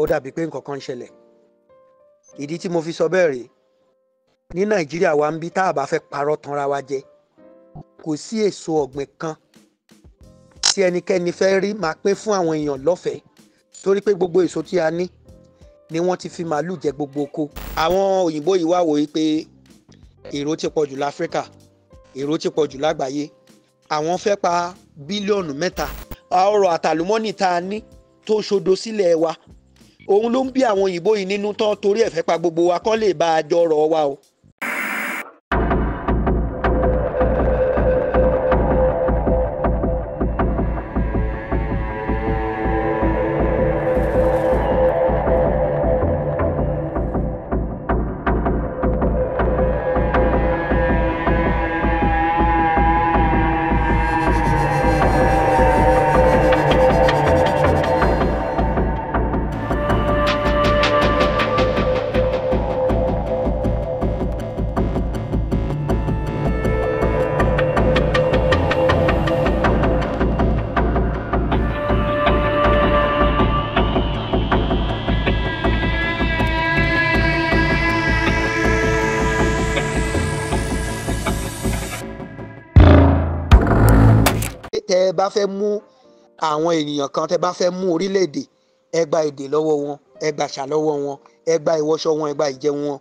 ó dàbí pé nǹkan kan ń ṣẹlẹ̀ ìdí tí mo fi sọ bẹ́ẹ̀ rèé ní nàìjíríà wa ń bí tá a bá fẹ́ parọ́ tanra wa jẹ kò sí èso ọ̀gbìn kan tí ẹnikẹ́ni fẹ́ rí máa pín fún àwọn èèyàn lọ́fẹ̀ẹ́ torí pé gbogbo èso tí a ní ni wọ́n ti fi màálù jẹ gbogbo oko. àwọn òyìnbó yìí wá wòye pé èrò ti pọ̀ jù láfíríkà èrò ti pọ̀ jù lágbàáyé àwọn fẹ́ pa bílíọ̀nù mẹ́ta ọrọ̀ àtàlùmọ́nì tá a ní tó ṣodo sílẹ̀ wa òun ló ń bí àwọn òyìnbó yìí nínú tán torí ẹ̀ fẹ́ pa gbogbo wa kán lè bá a jọ rọ̀ wa o. àwọn ènìyàn kan tẹ́ bá fẹ́ mú orílẹ̀-èdè ẹ gba èdè lọ́wọ́ wọn ẹ gba àṣà lọ́wọ́ wọn ẹ gba ìwọṣọ wọn ẹ gba ìjẹ wọn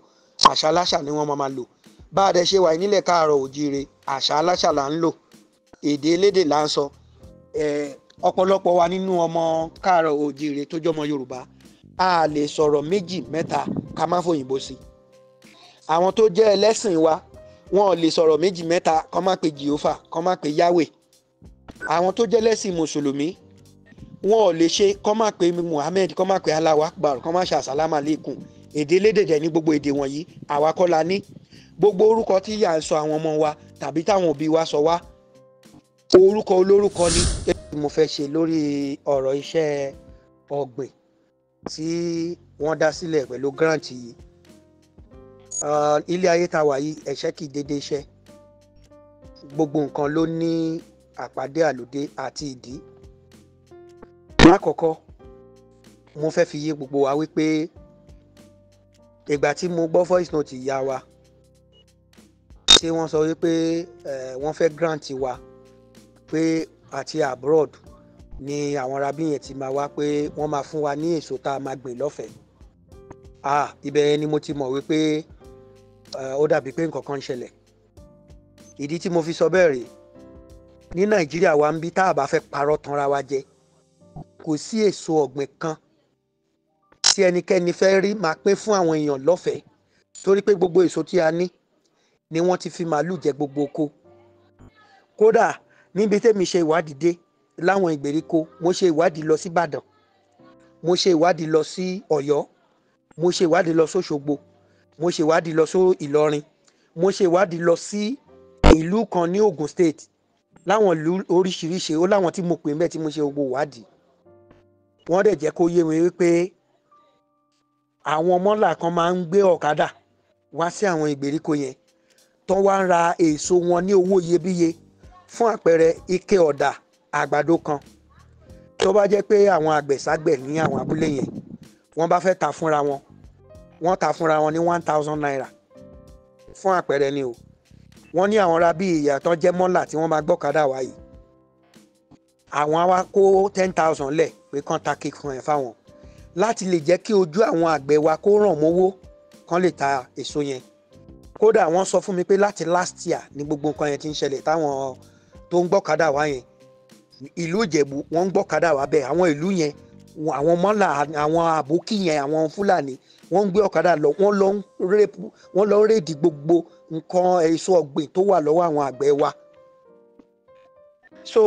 àṣà aláṣà ni wọ́n máa lò bá a dẹ̀ ṣe wà nílẹ̀ káàárọ̀ òjíire àṣà aláṣà là ń lò èdè elédè là ń sọ ọ̀pọ̀lọpọ̀ wa nínú ọmọ káàárọ̀ òjíire tó jọmọ Yorùbá a lè sọ̀rọ̀ méjì mẹ́ta ká má fòyìnbó sí i àwọn tó jẹ́ ẹlẹ́sìn wa wọn ò lè sọ̀rọ̀ méjì mẹ́ta kọ́ má pe Jèhófà kọ́ má pe Yahweh àwọn tó jẹ́ lẹ́sìn mùsùlùmí wọn ò lè ṣe kọ́ máa pe Muhammed kọ́ máa pe Allahu Akbar kọ́ máa ṣe àsálámà lẹ́kùn èdè lédèdè ní gbogbo èdè wọ̀nyí àwa kọ́ la ní gbogbo orúkọ tí yà ń sọ àwọn ọmọ wa tàbí táwọn òbí wa sọ wá orúkọ olórúkọ ni mo fẹ́ ṣe lórí ọ̀rọ̀ iṣẹ́ ọ̀gbìn tí wọ́n dá sílẹ̀ pẹ̀lú grant yìí ilé ayé tá wà yìí ẹ̀ṣẹ́ kì í dédé iṣẹ́ gbogbo nǹkan ló ní àpàdé àlòdé àti ìdí. lákọ̀ọ́kọ́ mo fẹ́ fi yé gbogbo wa wípé ìgbà tí mo gbọ́ voice note ìyá wa tí wọ́n sọ wípé wọ́n fẹ́ grant wa pé àti abroad ni àwọn arábí yẹn ti máa wá pé wọ́n máa fún wa ní èso tá a máa gbìn lọ́fẹ̀ẹ́ ah ibẹ̀ yẹn ni mo ti mọ̀ wípé ó dàbí pé nǹkan kan ń ṣẹlẹ̀ ìdí tí mo fi sọ bẹ́ẹ̀ rèé ní nàìjíríà wa ń bí tá a bá fẹ́ parọ́ tanra wa jẹ kò sí èso ọ̀gbìn kan tí ẹnikẹ́ni fẹ́ rí máa pín fún àwọn èèyàn lọ́fẹ̀ẹ́ torí pé gbogbo èso tí a ní ni wọ́n ti fi màálù jẹ gbogbo oko kódà níbi tẹ́mi ṣe ìwádìí dé láwọn ìgbèríko mo ṣe ìwádìí lọ sí ìbàdàn mo ṣe ìwádìí lọ sí ọ̀yọ́ mo ṣe ìwádìí lọ sóṣogbo mo ṣe ìwádìí lọ sí ìlọrin mo ṣe ìwádìí lọ sí ìlú kan ní ogun state láwọn ìlú oríṣiríṣi ó láwọn tí mo pè mẹ́ẹ̀ tí mo ṣe gbogbo wádìí wọ́n dẹ̀ jẹ́ kó yé mi wípé àwọn mọ́là kan máa ń gbé ọ̀kadà wá sí àwọn ìgbèríko yẹn tó wá ń ra èso wọn ní owó iyebíye fún àpẹẹrẹ ike ọ̀dà àgbàdo kan tó bá jẹ́ pé àwọn àgbẹ̀ságbẹ̀ ní àwọn abúlé yẹn wọ́n bá fẹ́ ta fúnra wọn wọ́n ta fúnra wọn ní one thousand naira fún àpẹẹrẹ ni o wọ́n ní àwọn ra bíi ìyá tán jẹ́ mọ́là tí wọ́n máa gbọ́kadà wá yìí àwọn á kó ten thousand lẹ̀ pé kán ta cake fún ẹ̀ fáwọn láti lè jẹ́ kí ojú àwọn àgbẹ̀ wa kó ràn mówó kán lè ta èso yẹn kódà wọ́n sọ fún mi pé láti last year ni gbogbo nǹkan yẹn ti ń ṣẹlẹ̀ táwọn tó ń gbọ́kadà wá yẹn ìlú Ìjẹ̀bú wọ́n ń gbọ́kadà wá bẹ́ẹ̀ àwọn ìlú yẹn àwọn mọ́là àwọn àbókí yẹn àwọn fúlàní wọ́n ń gbé ọ̀kadà lọ wọ́n lọ ń rèpù wọ́n lọ ń rèdì gbogbo nǹkan èso ọ̀gbìn tó wà lọ́wọ́ àwọn àgbẹ̀ wa. so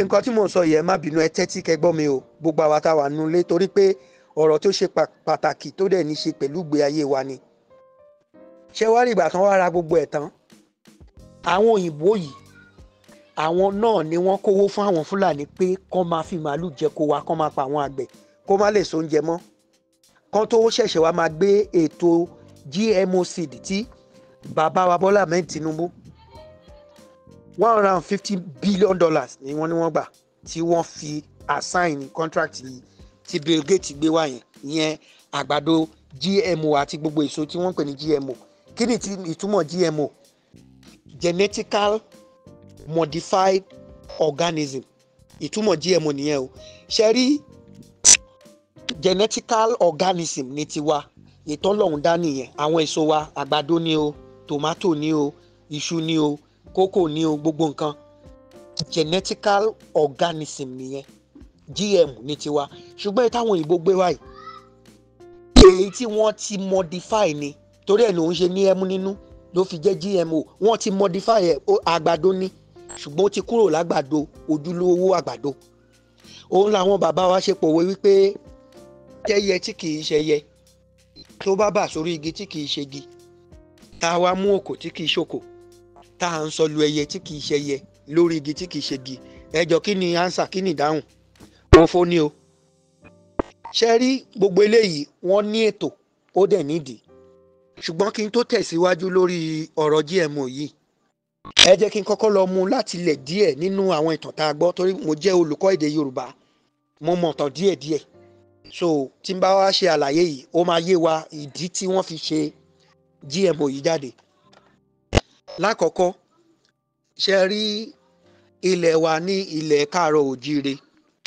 nǹkan tí mò ń sọ yẹn má bínú ẹ tẹ́tí kẹgbọ́n mi o gbogbo àwa tá a wà nulẹ̀ torí pé ọ̀rọ̀ tó ṣe pàtàkì tó dẹ̀ ní ṣe pẹ̀lú ìgbé ayé wa ni. ṣé wàá rí ìgbà tán wàá ra gbogbo ẹ̀ tán àwọn òyìnbó yìí àwọn náà ni wọ́n kówó fún àwọn fúlàní pé kán máa fi màálù jẹko wa kán máa pa àwọn àgbẹ̀ kó má lè sóúnjẹ mọ́ kán tó ṣẹ̀ṣẹ̀ wá máa gbé ètò GMO seed tí bàbá wa Bọ́lá Ahmed Tinubu one hundred and fifty billion dollars ni wọ́n ní wọ́n gbà tí wọ́n fi assign contract yìí tí Bill Gates gbé wá yẹn ìyẹn àgbàdo GMO àti gbogbo èso tí wọ́n ń pè ní GMO kí ni ìtumọ̀ GMO genetical modified organism ìtumọ̀ GMO nìyẹn o ṣe rí genetical organism ní tiwa ìtọ́lọ́hún dá nìyẹn àwọn èso wa àgbàdo ni o tomato ni o iṣu ni o kókò ni o gbogbo nǹkan genetical organism nìyẹn GM ní tiwa ṣùgbọ́n ìtàwọn òyìnbó gbé wáyìí èyí tí wọ́n ti modify ni torí ẹ̀ ló ń ṣe ní ẹmu nínú ló fi jẹ́ GMO wọ́n ti modify ẹ̀ àgbàdo ni ṣùgbọ́n ó ti kúrò lágbàdo ojúlówó àgbàdo òun làwọn bàbá wa ṣe pòwe wípé tẹ́yẹ tí kìí ṣẹyẹ tó bá bà sórí igi tí kìí ṣegi tá a wá mú òkò tí kìí ṣòkò tá a ń sọ lu ẹyẹ tí kìí ṣẹyẹ lórí igi tí kìí ṣegi ẹjọ kí ni ansa kí ni ìdáhùn wọn fó ní o ṣe rí gbogbo eléyìí wọ́n ní ètò ó dẹ̀ nídìí ṣùgbọ́n kí n tó tẹ̀síwájú lórí ọ̀rọ̀ GMO yìí ẹ jẹ́ kí n kọ́kọ́ lọ mú láti ilẹ̀ díẹ̀ nínú àwọn ìtàn tá a gbọ́ torí mo jẹ́ olùkọ́ èdè Yorùbá mo mọ̀ tán díẹ̀ díẹ̀ so tí n bá wá ṣe àlàyé yìí ó máa yé wa ìdí tí wọ́n fi ṣe GMO yìí jáde. lákọ̀ọ́kọ́ ṣe rí ilẹ̀ wa ní ilẹ̀ káàárọ̀ òjíire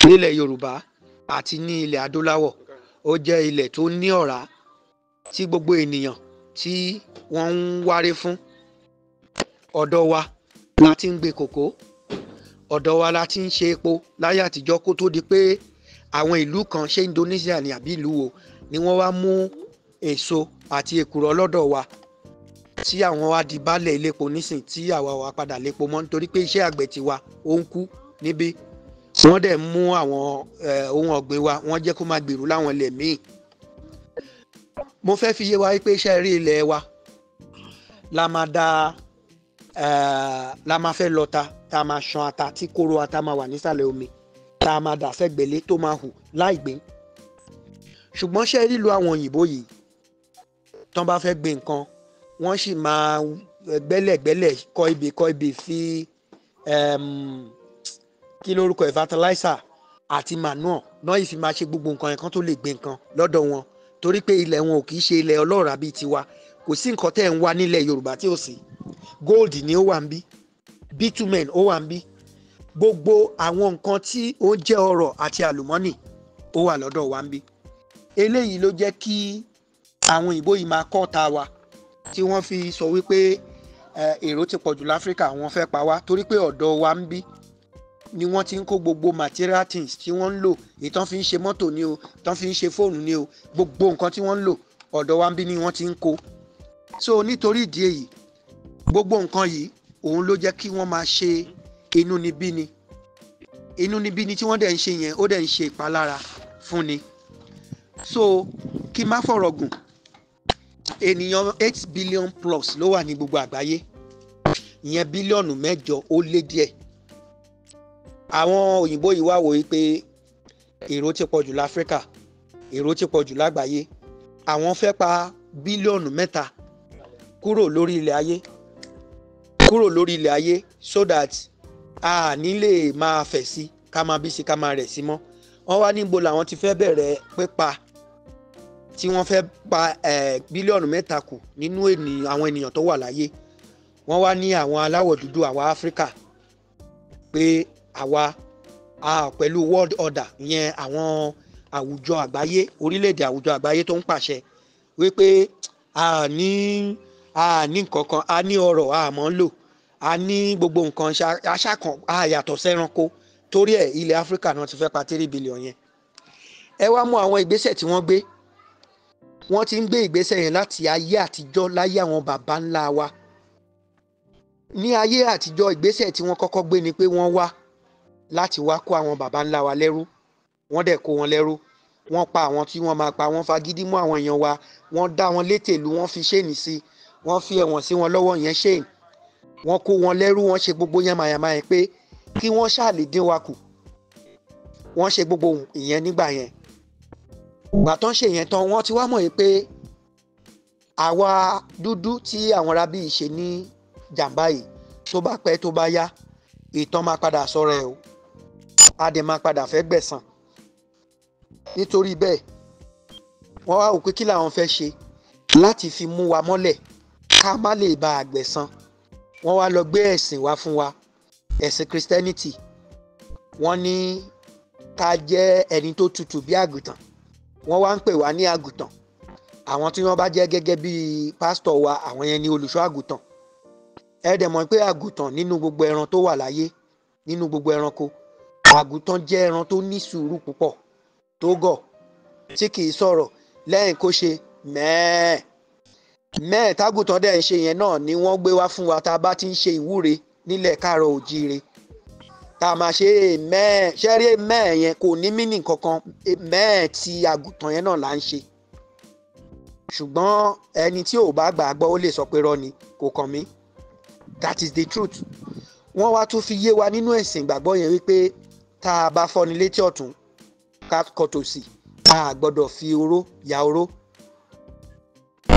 nílẹ̀ Yorùbá àti ní ilẹ̀ adúláwọ̀ ó jẹ́ ilẹ̀ tó ní ọ̀rá tí gbogbo ènìyàn tí wọ́n ń wáré fún ọ̀dọ̀ wa la ti ń gbé kòkó ọ̀dọ̀ wa la ti ń ṣe epo láyé àtijọ́ kó tó di pé àwọn ìlú kan ṣé Indonesia ni àbí ìlú wo ni wọ́n wá mú èso àti èkùrọ́ lọ́dọ̀ wa tí àwọn wa di baálẹ̀ ilépo nísìn tí àwa wa padà lépo mọ́ nítorí pé iṣẹ́ àgbẹ̀ tiwa ó ń kú níbí wọ́n dẹ̀ mú àwọn eh, ohun ọ̀gbìn wa wọ́n jẹ́ kó máa gbèrú láwọn ilẹ̀ míì mo fẹ́ fi yé wa pé iṣẹ́ rí ilẹ̀ wa la máa da Eh, la máa fẹ́ lọ́ta tá a máa ṣan ata tí kóró ata máa wà nísàlẹ̀ omi tá a máa dà sẹ́gbẹ̀lé tó máa hù láì gbìn ṣùgbọ́n ṣe lílo àwọn òyìnbó yìí tán bá fẹ́ gbìn nǹkan wọ́n sì máa gbẹ́lẹ̀gbẹ́lẹ̀ kọ́ ibi kọ́ ibi fi kí lórúkọ ẹ̀ fertilizer àti manure náà yìí fi máa ṣe gbogbo nǹkan yẹn kán tó lè gbìn nǹkan lọ́dọ̀ wọn torí pé ilẹ̀ wọn ò kì í ṣe ilẹ̀ ọlọ́ràá bíi tiwa kò sí nǹkan tẹ́ ń wá nílẹ̀ Yorùbá tí ò sí gold ni ó wà ń bí bitumen ó wà ń bí gbogbo àwọn nǹkan tí ó jẹ́ ọrọ̀ àti àlùmọ́nì ó wà lọ́dọ̀ wa ń bí eléyìí ló jẹ́ kí àwọn òyìnbó yìí máa kọ́ ta wa tí wọ́n fi sọ wípé èrò ti pọ̀jù láfíríkà wọ́n fẹ́ pa wá torí pé ọ̀dọ̀ wa ń bí ni wọ́n ti ń kó gbogbo material things tí wọ́n ń lò èyí tán fi ń ṣe mọ́tò ni o tán fi ń ṣe fóònù ni o gbogbo nǹkan tí wọ́n ń lò ọ̀dọ̀ wa ń bí ni wọ́n ti ń kó so nítorí ìdí èyí gbogbo nǹkan yìí òun ló jẹ́ kí wọ́n máa ṣe inúnibíni inúnibíni tí wọ́n dẹ̀ ń ṣe yẹn ó dẹ̀ ń ṣe ìpalára fún ni so kí má fọ̀rọ̀ gùn ènìyàn eight billion plus ló wà ní gbogbo àgbáyé ìyẹn bílíọ̀nù mẹ́jọ ó lé díẹ̀ àwọn òyìnbó yìí wá wò ó pé èrò ti pọ̀ jù láfíríkà èrò ti pọ̀ jù lágbàáyé àwọn fẹ́ pa bílíọ̀nù mẹ́ta kúrò lórí ilẹ̀ ayé kúrò lórí ilẹ̀ ayé so that a ní lè máa fẹ̀ sí ká máa bí sí ká máa rẹ̀ sí mọ́ wọ́n wá níbo làwọn ti fẹ́ bẹ̀rẹ̀ pípa tí wọ́n fẹ́ pa bílíọ̀nù mẹ́ta kù nínú àwọn ènìyàn tó wà láyé wọ́n wá ní àwọn aláwọ̀ dúdú àwa Áfíríkà pé àwa pẹ̀lú world order ìyẹn àwọn àwùjọ àgbáyé orílẹ̀-èdè àwùjọ àgbáyé tó ń pàṣẹ wípé a ní. Ah, a ní nǹkankan a ní ọrọ̀ a mọ̀ ń lò a ní gbogbo nǹkan aṣákan a yàtọ̀ sẹ́ranko torí ẹ̀ ilẹ̀ áfíríkà náà ti fẹ́ pa three billion yẹn ẹ wá mú àwọn ìgbésẹ̀ tí wọ́n gbé wọ́n ti ń gbé ìgbésẹ̀ yẹn láti ayé àtijọ́ láyé àwọn baba ńlá wa ní ayé àtijọ́ ìgbésẹ̀ tí wọ́n kọ́kọ́ gbé ni pé wọ́n wá láti wá kó àwọn baba ńlá wa lẹ́rú wọ́n dẹ̀ kó wọn lẹ́rú wọ́n pa àwọn tí wọ́n máa pa wọ́n fagídí mú àwọn èèyàn wa wọ́n dá wọn létèlú wọ́n fi ṣéènì sí i wọ́n fi ẹ̀wọ̀n sí wọn lọ́wọ́ yẹn ṣe wọ́n kó wọn lẹ́rú wọ́n ṣe gbogbo yẹn màyàmáyà pé kí wọ́n ṣàlè dín wa kù wọ́n ṣe gbogbo ìyẹn nígbà yẹn ìgbà tán ṣe yẹn tán wọ́n ti wá mọ̀ yìí pé àwa dúdú tí àwọn arábí yìí ṣe ní jàǹbá yìí tó bá pẹ́ tó bá yá ìtàn máa padà sọ̀rọ̀ ẹ̀ o a dẹ̀ máa padà fẹ́ gbẹ̀san nítorí bẹ́ẹ̀ wọ́n wá wò pé kí làwọn fẹ́ ṣe láti fi mú wa mọ́lẹ̀ ká má lè bá àgbẹ̀san wọ́n wá lọ gbé ẹ̀sìn wá fún wa ẹ̀sìn Christianity wọ́n ní ká jẹ́ ẹni tó tutù bí àgùntàn wọ́n wá ń pè wá ní àgùntàn àwọn tí wọ́n bá jẹ́ gẹ́gẹ́ bí pásítọ̀ wa àwọn yẹn ni olùṣọ́ àgùntàn ẹ dẹ̀ mọ̀ pé àgùntàn nínú gbogbo ẹran tó wà láyé nínú gbogbo ẹranko àgùntàn jẹ́ ẹran tó ní sùúrù púpọ̀ tó gọ̀ tí kì í sọ̀rọ̀ lẹ́yìn kó ṣe mẹ́ẹ̀ẹ́ mẹ́ẹ̀ẹ́dàgùtàn dẹ̀ ń ṣe yẹn náà ni wọ́n gbé wá fún wa tá a bá ti ń ṣe ìwúre nílẹ̀ káàrọ̀ òjíire tá a máa ṣe mẹ́ẹ̀ ṣẹ́rí mẹ́ẹ̀ yẹn kò ní mínì kankan mẹ́ẹ̀ ti àgùtàn yẹn náà là ń ṣe ṣùgbọ́n ẹni tí ò bá gbàgbọ́ ó lè sọ pé rọ́ni kò kàn mí that is the truth wọ́n wá tún fi yé wa nínú ẹ̀sìn ìgbàgbọ́ yẹn wípé tá a bá fọ́ni létí ọ̀tún ká kọ̀tòsí a gbọ́dọ̀ fi oró ya oró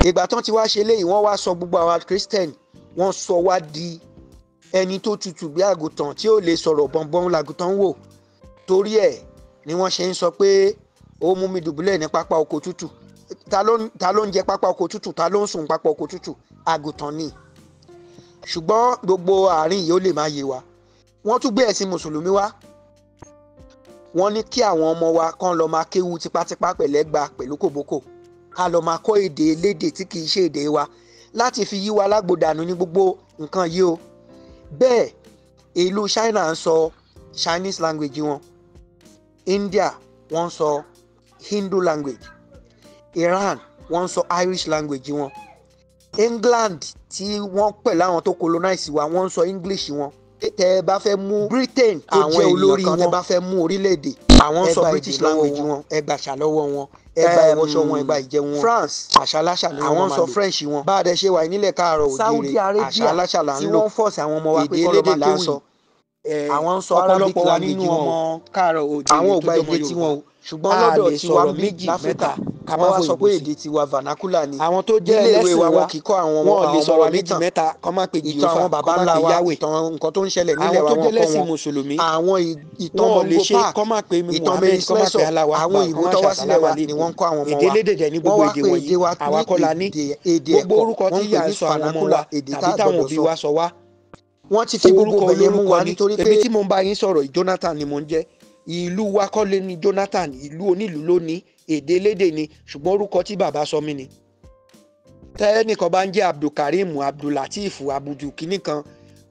ìgbà tán ti wá ṣe léyìí wọ́n wá sọ gbogbo àwọn Christian wọ́n sọ wá di ẹni tó tutù bí àgùntàn tí ò lè sọ̀rọ̀ bọ̀nbọ̀n làgùntàn wò torí ẹ̀ ni wọ́n ṣe ń sọ pé ó mú mi dùbúlẹ̀ ní pápá oko tútù ta ló ń jẹ pápá oko tútù ta ló ń sùn pápá oko tútù àgùntàn ni ṣùgbọ́n gbogbo àárín yìí ó lè máa yé wa wọ́n tún gbé ẹ̀sìn mùsùlùmí wá wọ́n ní kí àwọn ọmọ wa kán lọ́ọ́ máa kéwu tipátipá pẹ̀lẹ́gba pẹ̀lú kòbókò ká lọ máa kọ́ èdè elédè tí kìí ṣe èdè wa láti fi yí wa lágbòdànù ní gbogbo nǹkan yìí o bẹ́ẹ̀ ìlú China ń sọ Chinese language wọn India wọ́n ń sọ Hindu language Iran wọ́n sọ Irish language wọn England tí wọ́n pẹ̀ láwọn tó colonize wa wọ́n sọ English wọn tẹ ẹ bá fẹ́ mú Britain tó jẹ́ olórí wọn tẹ bá fẹ́ mú orílẹ̀-èdè àwọn sọ British language wọn ẹ gbàṣà lọ́wọ́ wọn ẹgbà ìwọṣọ wọn ẹgbà ìjẹ wọn France àṣàláṣà ni àwọn sọ French wọn bá a dẹ ṣe wà nílẹ̀ káàárọ̀ òjìrè àṣàláṣà là ń lò èdè elédè là ń sọ àwọn ń sọ arabic language wọn o àwọn ò gba èdè tiwọn o ṣùgbọ́n lọ́dọ̀ tiwa méjì mẹ́ta kàmá wá sọ pé èdè tiwa vernacular ni àwọn tó jẹ́ ẹlẹ́sìn wa wọn kì í kọ́ àwọn ọmọ àwọn ọmọ wa méjì mẹ́ta kọ́ máa pe jìnnà ìtàn àwọn baba ńlá wa ìtàn nǹkan tó ń ṣẹlẹ̀ nílẹ̀ wa wọn kọ́ wọn àwọn ìtàn bongo park ìtàn mẹ́sìmẹ́sọ̀ àwọn ìbò tó wá sílẹ̀ wa ni wọ́n kọ́ àwọn ọmọ wa wọ́n wá pé èdè wa ní èdè ẹ̀kọ́ wọ́n pè ní vernacular èdè tá a gbọ́dọ̀ sọ wọ́n ti fi orúkọ olórúkọ ni èmi tí mo bá yín sọ̀rọ̀ Jonathan ni mo ń jẹ́ ìlú wa kọ́ Jonathan ìlú onílùú ló ní èdè elédè ni ṣùgbọ́n orúkọ tí bàbá sọ mí ni tẹ́nìkan bá ń jẹ́ Abdulkareem Abdulateef abudu kínní kan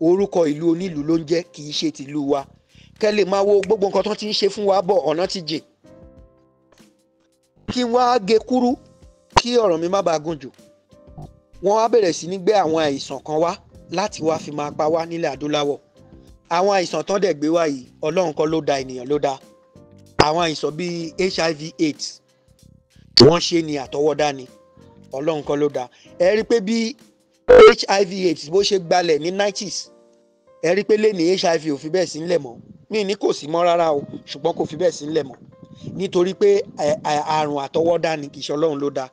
orúkọ ìlú onílùú ló ń jẹ́ kì í ṣe tìlú wa kẹ́ lè máa wo gbogbo nǹkan tó ti ń ṣe fún wa bọ̀ ọ̀nà ti jìn kí wọ́n á gé kúrú kí ọ̀rọ̀ mi má bàa gùn jù wọ́n á bẹ̀rẹ̀ sí ní gbé àwọn àìsàn kan wá láti wá fi máa pa wá nílẹ̀ adúláwọ̀ àwọn àìsàn tán dẹ̀ gbé wá yìí ọlọ́run kọ́ ló da ènìyàn ló da àwọn àìsàn bíi hiv aids wọ́n ṣe ni àtọwọ́dá ni ọlọ́run kọ́ ló da ẹ rí pé bí hiv aids bó ṣe gbalẹ̀ ní 90s ẹ rí pé lè hiv ò fi bẹ́ẹ̀ sí nílẹ̀ mọ́ mi ní kò sí mọ́ rárá o ṣùgbọ́n kò fi bẹ́ẹ̀ sí nílẹ̀ mọ́ nítorí pé àrùn àtọwọ́dá ni kìí ṣe ọlọ́run ló da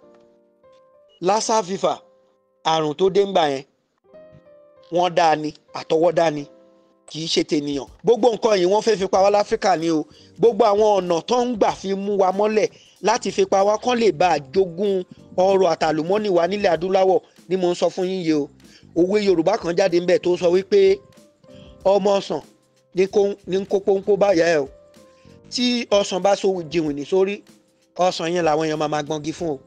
lassa fever àrùn tó dé ń gbà yẹn wọ́n dá ni àtọwọ́dá ni kì í ṣe tènìyàn gbogbo nǹkan yìí wọ́n fẹ́ẹ́ fi pa wá láfíríkà ni o gbogbo àwọn ọ̀nà tó ń gbà fi mú wa mọ́lẹ̀ láti fi pa wá kán lè bá àjogún ọrọ̀ àtàlùmọ́nì wa nílẹ̀ adúláwọ̀ ni mo ń sọ fún yín yìí o òwe yorùbá kan jáde ńbẹ̀ tó sọ wípé ọmọ ọsàn ní kó pónpó báyà ẹ o tí ọsàn bá so jìwìn ní sórí ọsàn yẹn làwọn èèyàn máa ma gbọngi fún o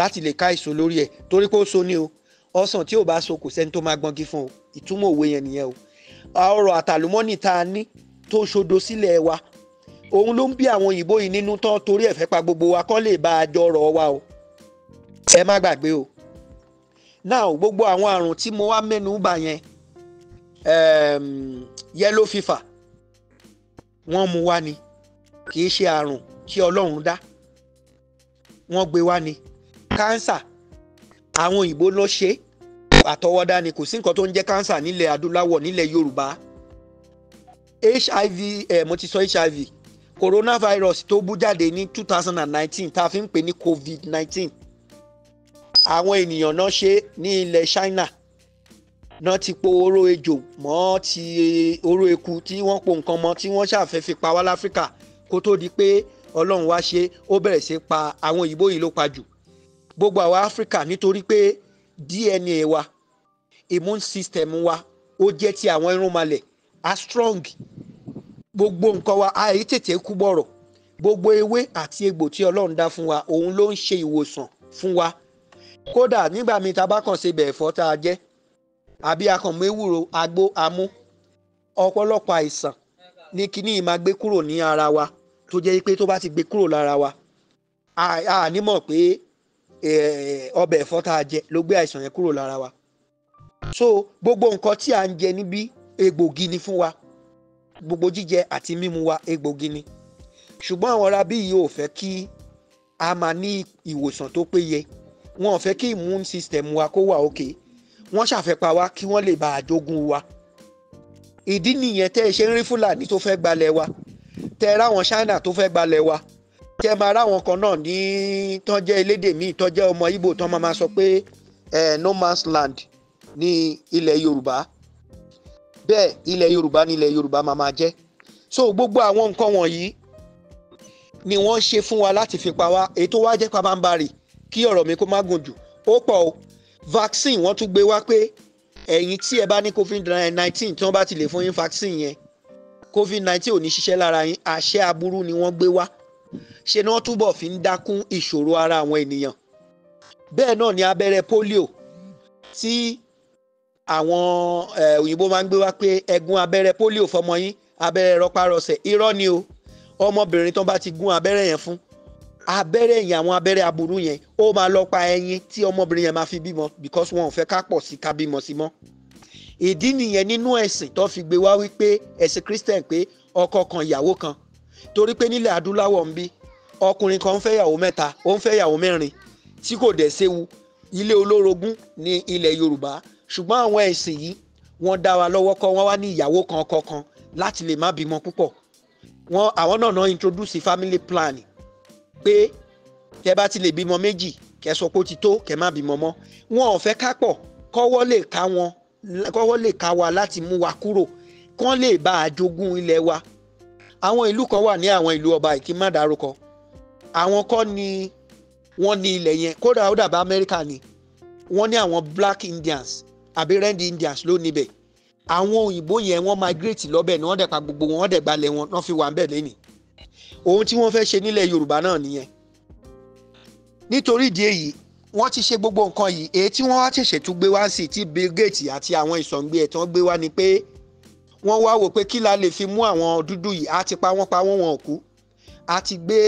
láti lè ká èso lórí ẹ torí pé so ni o ọsàn tí o bá so kò sẹ́ni tó máa gbọ́ngi fún o ìtumọ̀ òwe yẹn nìyẹn o ọrọ̀ àtàlùmọ́nì tá a ní tó ṣodo sílẹ̀ wa òun ló ń bí àwọn òyìnbó yìí nínú tán torí ẹ̀fẹ́ pa gbogbo wa kọ́ lè bá a jọ ọrọ̀ wa o ẹ má gbàgbé o now gbogbo àwọn àrùn tí mo wá mẹ́nu bà yẹn um, yellow fever wọ́n mú wá ni kì í ṣe àrùn tí Ọlọ́run dá wọ́n gbé wá ni cancer àwọn òyìnbó ló ṣe àtọwọ́dá ni kò sí nǹkan tó ń jẹ́ kánsà nílẹ̀ adúláwọ̀ nílẹ̀ yorùbá hiv eh, mo ti sọ hiv coronavirus tó bú jáde ní two thousand and nineteen tá a fi ń pè ní covid nineteen àwọn ènìyàn náà ṣe ní ilẹ̀ china náà ti po oró ejò mọ́ ti oró eku tí wọ́n po nǹkan mọ́ tí wọ́n ṣàfẹ́ fi pa wá láfíríkà kó tó di pé ọlọ́run wá ṣe ó bẹ̀rẹ̀ sí pa àwọn òyìnbó yìí ló pa jù gbogbo àwa áfíríkà nítorí pé dna wa immune system wa ó jẹ́ ti àwọn irúnmalẹ̀ a strong gbogbo nǹkan wa a yìí tètè kú bọ̀rọ̀ gbogbo ewé àti egbò tí ọlọ́run dá fún wa òun ló ń ṣe ìwòsàn fún wa kódà nígbà míì tá a bá kàn ṣe bẹ̀ẹ̀fọ́ tá a jẹ́ àbí akànmú ewúro agbó amú ọ̀pọ̀lọpọ̀ àìsàn ní kíní yìí máa gbé kúrò ní ara wa tó jẹ́ pé tó bá ti gbé kúrò lára wa a ní mọ̀ pé Eh, ọbẹ̀ ẹ̀fọ́ tá a jẹ ló gbé àìsàn yẹn kúrò lára wa so gbogbo nǹkan tí à ń jẹ níbí egbògi ni fún wa gbogbo jíjẹ àti mímu wa egbògi ni ṣùgbọ́n àwọn ará bí yìí ò fẹ́ kí a máa ní ìwòsàn tó péye wọn ò fẹ́ kí immune system wa kó wà òkè wọ́n ṣàfẹ́pa wa kí wọ́n lè bá a jogún wa ìdí nìyẹn tẹ́ ẹ ṣe ń rí fúlàní tó fẹ́ gbalẹ̀ wa tẹ́ ẹ ráwọn China tó fẹ́ gbalẹ̀ wa jẹ́ máa ráwọn kan náà ní tọ́jẹ́ elédè míì tọ́jẹ́ ọmọ Ìgbò tán máa sọ pé no man's land ní ilẹ̀ Yorùbá bẹ́ẹ̀ ilẹ̀ Yorùbá ní ilẹ̀ Yorùbá máa máa jẹ́ so gbogbo àwọn nǹkan wọ̀nyí ni wọ́n ṣe fún wa láti fi pa wá ètò wa jẹ́ pabambarì kí ọ̀rọ̀ mi kó má gùn jù ó pọ̀ o vaccine wọ́n tún gbé wá pé ẹ̀yin tí ẹ bá ní covid nineteen tí wọ́n bá ti lè fún yín vaccine yẹn covid nineteen ò ní ṣiṣẹ́ lára yín àṣẹ aburú ni wọ́n gbé wá ṣe ni wọ́n túbọ̀ fi ń dákún ìṣòro ara àwọn ènìyàn bẹ́ẹ̀ náà ni abẹ́rẹ́ polio tí àwọn òyìnbó máa ń gbé wá pé ẹ̀gún abẹ́rẹ́ polio fọmọ yín abẹ́rẹ́ rọpárọsẹ̀ irọ́ ni o ọmọbìnrin tó bá ti gún abẹ́rẹ́ yẹn fún abẹ́rẹ́ yẹn àwọn abẹ́rẹ́ aburú yẹn ó máa lọ pa ẹyin tí ọmọbìnrin yẹn máa fi bímọ because wọn ò fẹ́ ká pọ̀ sí ká bímọ sí mọ́ ìdí nìyẹn nínú ẹ̀sìn tó fi gbé wá wípé ẹ̀sìn Christian pé ọkọ kan ìyàwó kan torí pé nílẹ̀ adúláwọ̀ ń bí ọkùnrin kan ń fẹ́ yàwó mẹ́ta ó ń fẹ́ yàwó mẹ́rin tí kò dẹ̀ séwu ilé olórogún ní ilẹ̀ Yorùbá ṣùgbọ́n àwọn ẹ̀sìn yìí wọ́n dá wa lọ́wọ́ kọ́ wọ́n wá ní ìyàwó kan kọ̀ọ̀kan láti lè má bímọ púpọ̀ wọn àwọn náà náà introduce family plan pé tẹ bá ti lè bímọ méjì kẹ sọ pé ó ti tó kẹ má bímọ mọ́ wọn ò fẹ́ ká pọ̀ kọ́wọ́ lè ká wọn kọ́wọ́ lè ká wa láti mú wa kúrò kán lè bá a jogún ilẹ̀ wa àwọn ìlú kan wà ní àwọn ìlú ọba ìkí má dárúkọ àwọn kọ́ ni wọ́n ní ilẹ̀ yẹn kódà ó dàbí Amẹ́ríkà ni wọ́n ní àwọn black Indians àbí red Indians ló níbẹ̀ àwọn òyìnbó yẹn wọ́n migrate lọ́bẹ̀ ni wọ́n dẹ̀ pa gbogbo wọn wọ́n dẹ̀ gbalẹ̀ wọn wọ́n fi wà ń bẹ̀ lẹ́nìí ohun tí wọ́n fẹ́ ṣe nílẹ̀ Yorùbá náà nìyẹn nítorí ìdí èyí wọ́n ti ṣe gbogbo nǹkan yìí èyí tí wọ́n wá ṣẹ̀ṣẹ̀ tún gbé wá sí ti Bill Gates àti àwọn ìsọ̀ǹgbé ẹ̀tàn gbé wá ni pé wọ́n wá wò pé kí la lè fi mú àwọn dúdú yìí á ti pa wọ́n pa wọ́n wọn ò kú á ti gbé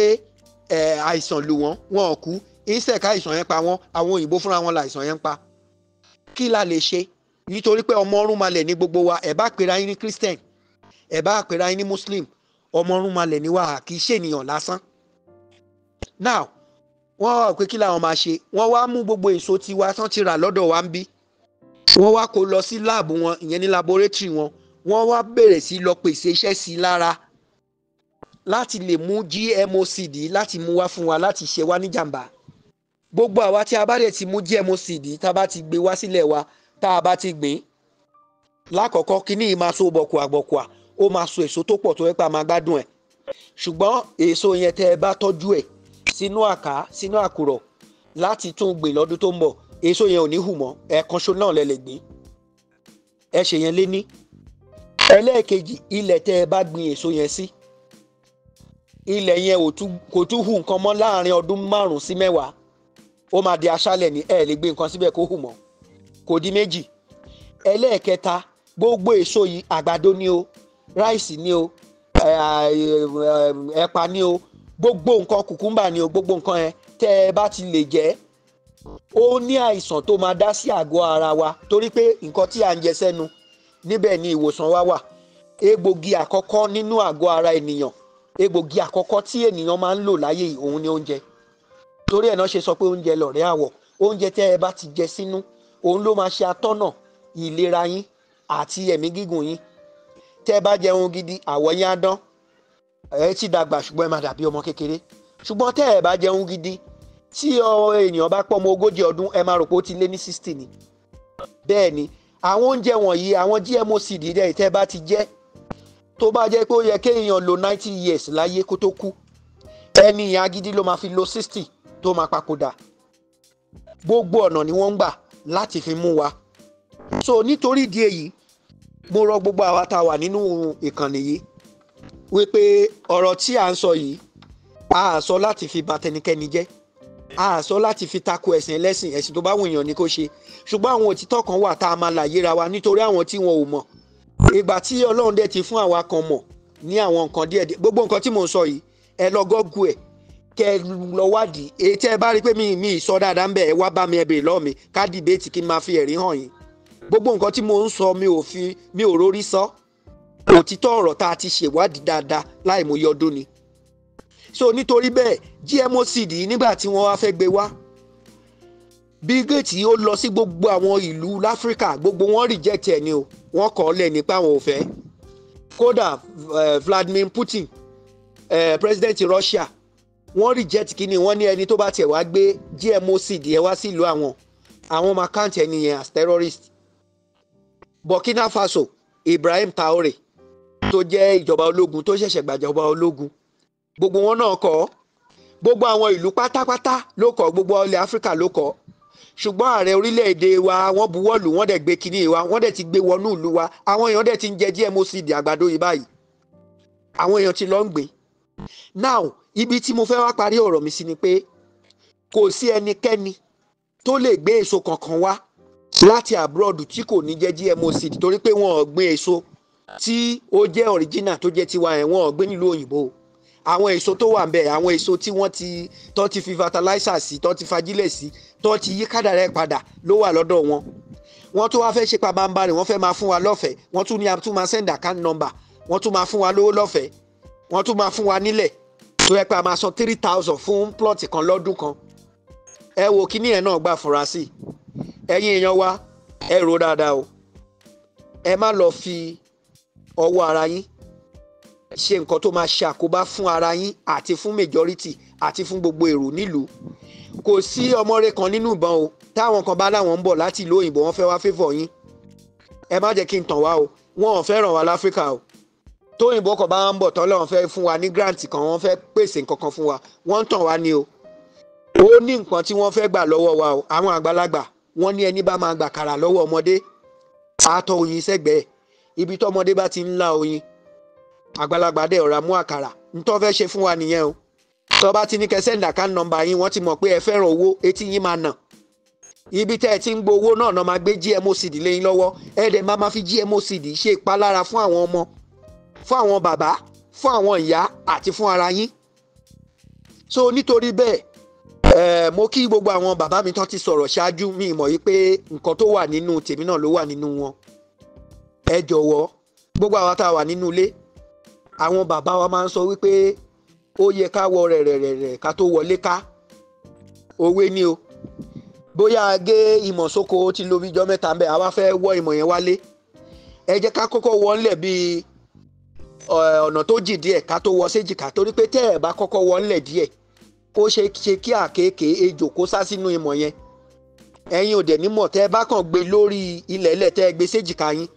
àìsàn lù wọ́n wọn ò kú insect àìsàn yẹn pa wọ́n àwọn òyìnbó fúnra wọn la àìsàn yẹn ń pa kí la lè ṣe nítorí pé ọmọ ọrùn malẹ̀ ní gbogbo wa ẹ̀ bá pera yín ní christian ẹ̀ bá pera yín ní muslim ọmọ ọrùn malẹ̀ ní wa kì í ṣènìyàn lásán now wọ́n wá pé kí làwọn máa ṣe wọ́n wá mú gbogbo èso tiwa tán ti rà lọ́dọ̀ wa ń bí wọ́n wá kó lọ sí láàbù wọn ìyẹn ní laboratory wọn wọ́n wá bẹ̀rẹ̀ sí lọ pèsè iṣẹ́ sí i lára láti lè mú GMO seed láti mú wá fún wa láti ṣe wá níjàmbá gbogbo àwa tí a bá dẹ̀ ti mú GMO seed tá a bá ti gbé wá sílẹ̀ wa tá a bá ti gbìn lákọ̀ọ́kọ́ kínní yìí máa so bọ̀kùà bọ̀kùà ó máa so èso tó pọ̀ tó yẹ pé a máa gbádùn ẹ̀ ṣùgbọ́n èso yẹn tẹ́ ẹ bá tọ́jú ẹ̀ sínú àká sínú àkùrọ̀ láti tún gbìn lọ́dún tó ń bọ̀ èso yẹn ò ní hù mọ́ ẹ̀ẹ̀kan náà lẹ gbìn ẹ ṣe yẹn ẹlẹ́ẹ̀kejì ilẹ̀ tẹ́ ẹ bá gbin èso yẹn sí ilẹ̀ yẹn kò tún hù nǹkan mọ́ láàrin ọdún márùn-ún sí mẹ́wàá ó máa di aṣálẹ̀ ní ẹ̀ lè gbé nǹkan síbẹ̀ kó hù mọ́ kò di méjì ẹlẹ́ẹ̀kẹta gbogbo èso yìí àgbàdo ni o ráìsì ni o eh, ẹ̀pà ni o gbogbo nǹkan kùkúmbà ni o gbogbo nǹkan yẹn tẹ́ ẹ bá ti lè jẹ ó ní àìsàn tó máa dá sí àgọ́ ara wa torí pé nǹkan tí à ń jẹ sẹ́nu níbẹ̀ ni ìwòsàn wa wà egbògi àkọ́kọ́ nínú àgọ́ ara ènìyàn egbògi àkọ́kọ́ tí ènìyàn máa ń lò láyé òun ni oúnjẹ torí ẹ̀ náà ṣe sọ pé oúnjẹ lọ̀rẹ́ àwọ̀ oúnjẹ tẹ́ ẹ bá ti jẹ sínú òun ló máa ṣe atọ́nà ìlera yín àti ẹ̀mí gígùn yín tẹ́ ẹ bá jẹun gidi àwọ̀ yín á dán ẹ ti dàgbà ṣùgbọ́n ẹ máa dàbí ọmọ kékeré ṣùgbọ́n tẹ́ ẹ bá jẹun gidi tí ènìyàn bá pọ̀ mọ́ ogójì ọdún ẹ máa rò pé ó ti lé ní sixty ni bẹ́ẹ̀ ni àwọn oúnjẹ wọ̀nyí àwọn GMO seed rẹ̀ tẹ́ bá ti jẹ tó bá jẹ́ pé ó yẹ kéèyàn lo ninety years láyé kó tó kú ẹni ìyá gidi ló máa fi lo sixty tó máa papòdà gbogbo ọ̀nà ni wọ́n ń gbà láti fi mú wa so nítorí ìdí èyí mo rọ gbogbo àwa tá a wà nínú ìkànnì yìí wípé ọ̀rọ̀ tí à ń sọ yìí a sọ láti fi bà tẹnikẹ́ni jẹ́ a sọ láti fi tako ẹ̀sìn ẹlẹ́sìn ẹ̀sìn tó bá wù yàn ni kó ṣe ṣùgbọ́n àwọn òtítọ́ kan wà tá a máa láyé ra wa nítorí àwọn tí wọn ò mọ̀ ìgbà tí ọlọ́run dẹ̀ ti fún àwa kan mọ̀ ní àwọn nǹkan díẹ̀ díẹ̀ gbogbo nǹkan tí mò ń sọ yìí ẹ lọ gọ́gù ẹ̀ kẹ ẹ lọ wádìí èyí tẹ́ ẹ bá rí pé mi mi sọ dáadáa ń bẹ̀ ẹ wá bá mi ẹ bèrè lọ́ọ̀ mi ká dìbéètì kí n máa fi ẹ̀rí hàn yín gbogbo nǹkan tí mò ń sọ mi ò fi mi ò rórí sọ òtítọ́ ọ̀rọ̀ tá a ti ṣèwádìí dáadáa láìmọye ọdún ni so nítorí bẹ́ẹ̀ GMO seed yìí nígbà tí wọ́n wá fẹ́ gbé wá Bill Gates ó lọ sí gbogbo àwọn ìlú láfíríkà gbogbo wọn reject ẹ̀ ni o wọ́n kọ̀ ọ́ lẹ̀ nípa àwọn ò kódà Vladimir Putin eh, president Russia wọ́n reject kínní wọ́n ní ẹni tó bá tiẹ̀ wá gbé GMO seed yẹn wá sílùú àwọn àwọn máa count ẹni yẹn as terrorist Burkina Faso Ibrahim Traoré tó jẹ́ ìjọba ológun tó ṣẹ̀ṣẹ̀ gbàjọba ológun gbogbo wọn náà kọ gbogbo àwọn ìlú pátápátá ló kọ gbogbo ilẹ̀ áfíríkà ló kọ ṣùgbọ́n ààrẹ orílẹ̀-èdè wa wọ́n buwọ́ lù dẹ̀ gbé kinní wa wọ́n dẹ̀ ti gbé wọnú ìlú wa àwọn èèyàn dẹ̀ ti ń jẹ GMO seed àgbàdo yìí báyìí àwọn èèyàn ti lọ ń gbé now ibi tí mo fẹ́ wá parí ọ̀rọ̀ mi sí ni pé kò sí ẹnikẹ́ni tó lè gbé èso kankan wá láti abroad tí kò ní jẹ́ GMO torí pé wọ́n ò gbé èso tí ó jẹ́ original tó jẹ́ tiwa ẹ̀ wọ́n ò gbé nílùú òyìnbó o àwọn èso tó wà ńbẹ̀ àwọn èso tí wọ́n ti tó ti fi fertilizer sí tó ti fagilẹ̀ sí tó ti yí kádàrá ẹ̀ padà ló wà lọ́dọ̀ wọn wọ́n tó wá fẹ́ ṣe pabambarì wọ́n fẹ́ máa fún wa lọ́fẹ̀ẹ́ wọ́n tún ní a tún máa send account number wọn tún máa fún wa lówó lọ́fẹ̀ẹ́ wọ́n tún máa fún wa nílẹ̀ tó yẹ pé a máa san three thousand fún plot kan lọ́dún kan ẹ wo kíní ẹ̀ náà gbà fura sí ẹ̀yin èèyàn wa ẹ rò dáadáa o ẹ má lọ fi ọwọ́ ara yín ṣe nǹkan tó máa ṣe àkóbá fún ara yín àti fún majority àti fún gbogbo èrò nílùú kò sí ọmọre kan nínú ìbọn o táwọn kan bá láwọn ń bọ̀ láti ìlú òyìnbó wọ́n fẹ́ wá fẹ́fọ̀ yín ẹ má jẹ́ kí n tàn wá o wọn ò fẹ́ràn wa láfíríkà o tóyìnbó kan bá ń bọ̀ tán lọ́wọ́n fẹ́ fún wa ní grant kan wọ́n fẹ́ pèsè nǹkan kan fún wa wọ́n ń tàn wá ni o ó ní nǹkan tí wọ́n fẹ́ gbà lọ́wọ́ wa o àwọn àgbàlagbà wọ́n ní ẹni bá máa gbà kàrà lọ́wọ́ ọmọdé àtọ̀ oyin sẹ́gbẹ̀ẹ́ ibi tọ́mọdé bá ti ń lá oyin àgbàlagbà dẹ̀ ọ̀rá mú àkàrà ntọ́ fẹ́ ṣe fún wa nìyẹn o tọ́ bá ti ní kẹ́ send account number yín wọ́n ti mọ̀ pé ẹ fẹ́ràn owó etí yín máa nà ibi tẹ́ ẹ ti ń gbowó náà náà máa gbé GMO seed lé yín lọ́wọ́ ẹ dẹ̀ máa máa fi GMO seed ṣe ìpalára fún àwọn ọmọ fún àwọn bàbá fún àwọn ìyá àti fún ara yín so nítorí bẹ́ẹ̀ Eh, mo kí gbogbo àwọn bàbá mi tán ti sọ̀rọ̀ ṣáájú mi mọ̀ yìí pé nǹkan tó wà nínú tèmi náà ló wà nínú wọn. ẹ jọ̀wọ́ gbogbo àwa tá a wà nínú ilé àwọn bàbá wa máa ń sọ wípé ó yẹ ká wọ rẹ̀rẹ̀rẹ̀ ká tó wọlé ká òwe ni o bóyá gé ìmọ̀ sóko ti lo bíjọ́ mẹ́ta bẹ́ẹ̀ àwa fẹ́ wọ ìmọ̀ yẹn wálé ẹ jẹ́ ká kọ́kọ́ wọlé bíi ọ̀nà tó jì díẹ̀ ká tó wọ séjìká torí pé tẹ́ ẹ̀ bá kọ́kọ́ wọlé díẹ̀ ó ṣe ṣe kí àkekèé ejò kó sá sínú ìmọ̀ yẹn ẹ̀yin ò dẹ̀ nímọ̀ tẹ́ ẹ bá kàn gbé lórí ilẹ̀ ẹlẹ̀ tẹ́ ẹ gbé séjìká yín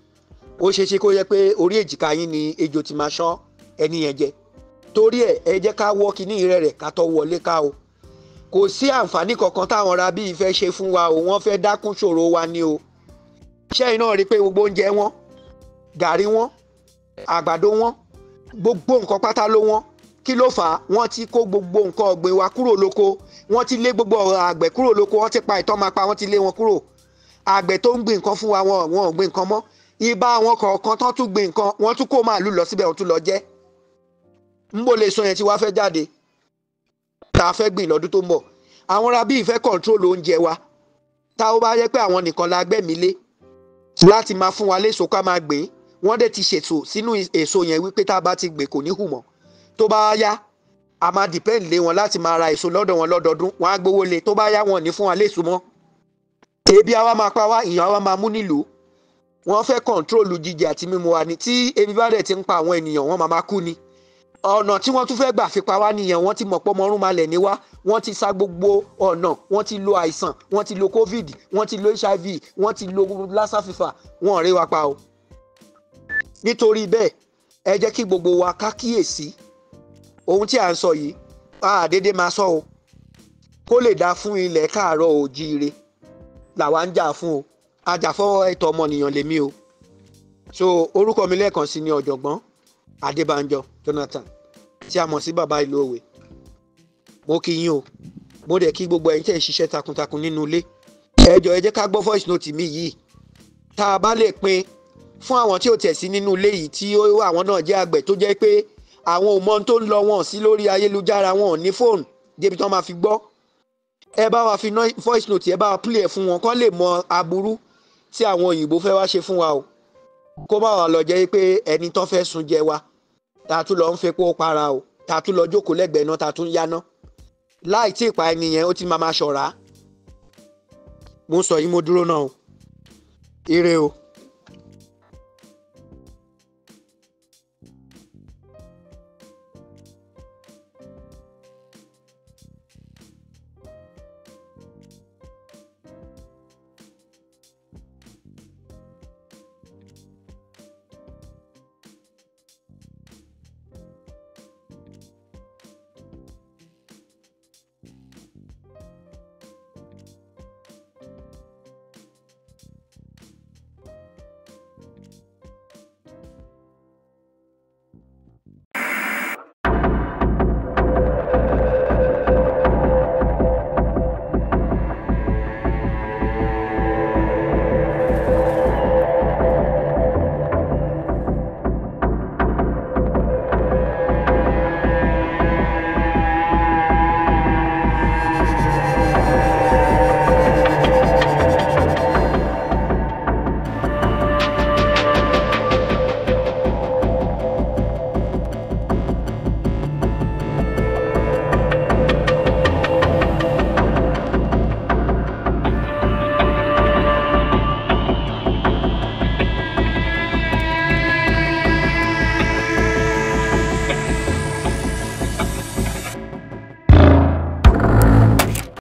ó ṣe ṣe kó yẹ pé orí èjìká yín ni ejò ti máa ṣán ẹni yẹn jẹ torí ẹ ẹ jẹ́ ká wọ́ kíní rẹ̀ rẹ̀ ká tọ́ wọlé ká o kò sí àǹfààní kankan táwọn ra bíi fẹ́ ṣe fún wa o wọ́n fẹ́ dákún ṣòro wa ni o iṣẹ́ iná rí i pé gbogbo oúnjẹ wọn gàrí wọn àgbàdo wọn gbogbo nǹkan pátá ló wọn kí ló fà á wọ́n ti kó gbogbo nǹkan ọ̀gbìn wa kúrò lóko wọ́n ti lé gbogbo àgbẹ̀ kúrò lóko wọ́n ti pa ìtọ́ máa pa wọ́n ti lé wọn kúrò àgbẹ̀ tó ń gbìn nǹkan fún wa wọn ò gbìn nǹkan mọ́ ibà àwọn kọ̀ọ̀kan tán tún gbìn nǹkan wọ́n tún kó màálù lọ síbẹ̀ wọ́n tún lọ jẹ nbó lè san yẹn tí wàá fẹ́ jáde tá a fẹ́ gbìn lọ́dún tó ń bọ̀ àwọn ará bíi fẹ́ kọ̀ǹtrólù oúnjẹ wa tá ó bá yẹ pé àwọn nìkan la gbẹ̀mí lé láti máa fún wa léso ká máa gbìn wọ́n dẹ̀ ti ṣètò sínú èso yẹn wípé tá a bá ti gbìn kò ní hù mọ́ tó bá yá a máa depend lé wọn láti máa ra èso lọ́dọ̀ wọn lọ́dọọdún wọn á gbowó lé tó bá yá wọn ò ní fún wa léso mọ́ ebi àwa máa pa wá ìyàn àwa máa mú nílùú wọ́n fẹ́ kọ̀ǹtrólù jíjẹ àti mímu wa ni tí ebi bá dẹ̀ ti ń pa àwọn ènìyàn wọ́n máa máa kú ni ọ̀nà tí wọ́n tún fẹ́ gbà fi pa wá nìyẹn wọ́n ti mọ̀ pọ́ mọ́rún malẹ̀ ní wá wọ́n ti sa gbogbo ọ̀nà wọ́n ti lo àìsàn wọ́n ti lo covid wọ́n ti lo hiv wọ́n ti lo lassa fifa wọ́n rí wa pa o. nítorí bẹ́ẹ̀ ẹ jẹ́ kí gbogbo wa ká kíyèsí ohun tí à ń sọ yìí àdédé máa sọ o kó lè dáa fún ilẹ̀ káàárọ̀ òjíire làwa ń jà fún o ajàfọ́ ẹ̀tọ́ ọmọnìyàn lèmi o so orúkọ mi lẹ́ẹ̀kan sí ni ọ̀jọ̀gbọ́n Adébánjọ Jonathan tí a mọ̀ sí bàbá ìlú òwe mo kí yín o mo dẹ̀ kí gbogbo ẹ̀yin tẹ̀ ń ṣiṣẹ́ takuntakun nínú ilé ẹ jọ̀ọ́ ẹ jẹ́ ká gbọ́ voice note mi yìí tá a bá lè pín fún àwọn tí ò tẹ̀ sí nínú ilé yìí tí àwọn náà jẹ́ àgbẹ̀ tó jẹ́ pé àwọn ò mọ ohun tó ń lọ wọn sí lórí ayélujára wọn ò ní fóònù débi tán máa fi gbọ́ ẹ bá wa fi voice note ẹ bá wa play ẹ fún wọn kán lè mọ aburú tí àwọn òyìnbó fẹ́ wá ṣe fún wa o kó má wàá lọ jẹ́ pé ẹni tán fẹ́ sun jẹ wa tá a tún lọ ń fepo para o tá a tún lọ jókòó lẹ́gbẹ̀ẹ́ náà tá a tún yáná láì tí ì pa ẹni yẹn ó ti máa ma ṣọ̀rá mo ń sọ yìí mo dúró náà o ire o.